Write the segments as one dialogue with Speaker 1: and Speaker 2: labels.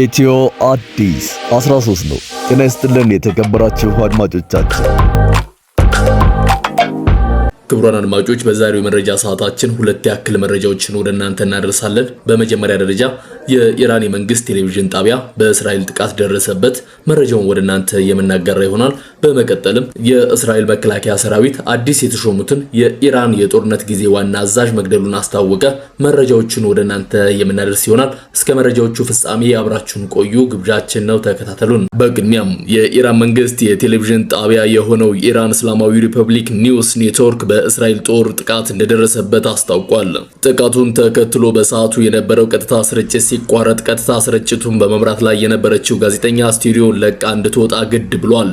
Speaker 1: ኢትዮ አዲስ 13 ነው። ጤና ይስጥልን የተከበራችሁ አድማጮቻችን። ክቡራን አድማጮች በዛሬው የመረጃ ሰዓታችን ሁለት ያክል መረጃዎችን ወደ እናንተ እናደርሳለን። በመጀመሪያ ደረጃ የኢራን የመንግስት ቴሌቪዥን ጣቢያ በእስራኤል ጥቃት ደረሰበት፣ መረጃውን ወደ እናንተ የምናጋራ ይሆናል። በመቀጠልም የእስራኤል መከላከያ ሰራዊት አዲስ የተሾሙትን የኢራን የጦርነት ጊዜ ዋና አዛዥ መግደሉን አስታወቀ። መረጃዎቹን ወደ እናንተ የምናደርስ ይሆናል። እስከ መረጃዎቹ ፍጻሜ አብራችሁን ቆዩ ግብዣችን ነው። ተከታተሉን። በቅድሚያም የኢራን መንግስት የቴሌቪዥን ጣቢያ የሆነው ኢራን እስላማዊ ሪፐብሊክ ኒውስ ኔትወርክ በእስራኤል ጦር ጥቃት እንደደረሰበት አስታውቋል። ጥቃቱን ተከትሎ በሰዓቱ የነበረው ቀጥታ ስርጭት ሲቋረጥ ቀጥታ ስርጭቱን በመምራት ላይ የነበረችው ጋዜጠኛ ስቱዲዮን ለቃ እንድትወጣ ግድ ብሏል።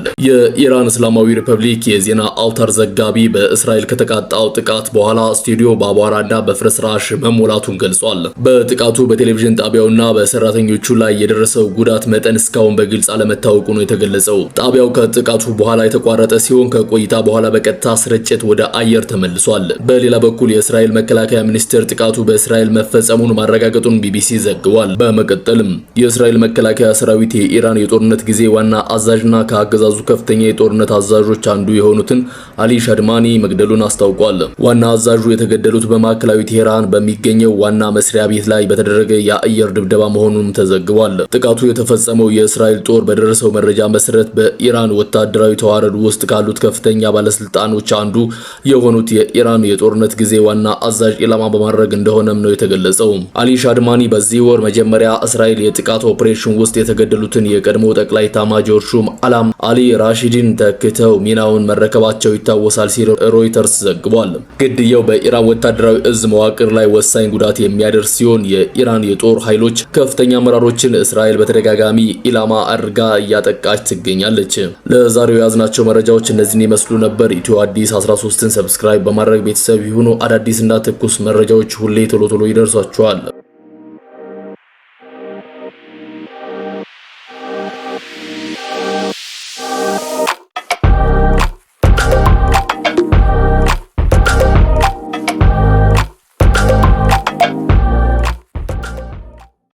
Speaker 1: የኢራን እስላማዊ ሪፐብሊክ የዜና አውታር ዘጋቢ በእስራኤል ከተቃጣው ጥቃት በኋላ ስቱዲዮ በአቧራና በፍርስራሽ መሞላቱን ገልጿል። በጥቃቱ በቴሌቪዥን ጣቢያውና በሰራተኞቹ ላይ የደረሰው ጉዳት መጠን እስካሁን በግልጽ አለመታወቁ ነው የተገለጸው። ጣቢያው ከጥቃቱ በኋላ የተቋረጠ ሲሆን ከቆይታ በኋላ በቀጥታ ስርጭት ወደ አየር ተመልሷል። በሌላ በኩል የእስራኤል መከላከያ ሚኒስቴር ጥቃቱ በእስራኤል መፈጸሙን ማረጋገጡን ቢቢሲ ዘግቧል። በመቀጠልም የእስራኤል መከላከያ ሰራዊት የኢራን የጦርነት ጊዜ ዋና አዛዥና ከአገዛዙ ከፍተኛ የጦርነት አዛዦች አንዱ የሆኑትን አሊ ሸድማኒ መግደሉን አስታውቋል። ዋና አዛዡ የተገደሉት በማዕከላዊ ቴህራን በሚገኘው ዋና መስሪያ ቤት ላይ በተደረገ የአየር ድብደባ መሆኑንም ተዘግቧል። ጥቃቱ የተፈጸመው የእስራኤል ጦር በደረሰው መረጃ መሰረት በኢራን ወታደራዊ ተዋረድ ውስጥ ካሉት ከፍተኛ ባለስልጣኖች አንዱ የሆኑት የኢራን የጦርነት ጊዜ ዋና አዛዥ ኢላማ በማድረግ እንደሆነም ነው የተገለጸው። አሊ ሻድማኒ በዚህ ወር መጀመሪያ እስራኤል የጥቃት ኦፕሬሽን ውስጥ የተገደሉትን የቀድሞ ጠቅላይ ታማጆር ሹም አላም አሊ ራሺድ ሞሂዲን ተክተው ሚናውን መረከባቸው ይታወሳል ሲል ሮይተርስ ዘግቧል። ግድያው በኢራን ወታደራዊ እዝ መዋቅር ላይ ወሳኝ ጉዳት የሚያደርስ ሲሆን የኢራን የጦር ኃይሎች ከፍተኛ አመራሮችን እስራኤል በተደጋጋሚ ኢላማ አድርጋ እያጠቃች ትገኛለች። ለዛሬው የያዝናቸው መረጃዎች እነዚህን ይመስሉ ነበር። ኢትዮ አዲስ 13ን ሰብስክራይብ በማድረግ ቤተሰብ ይሁኑ። እና ትኩስ መረጃዎች ሁሌ ቶሎ ቶሎ ይደርሷችኋል።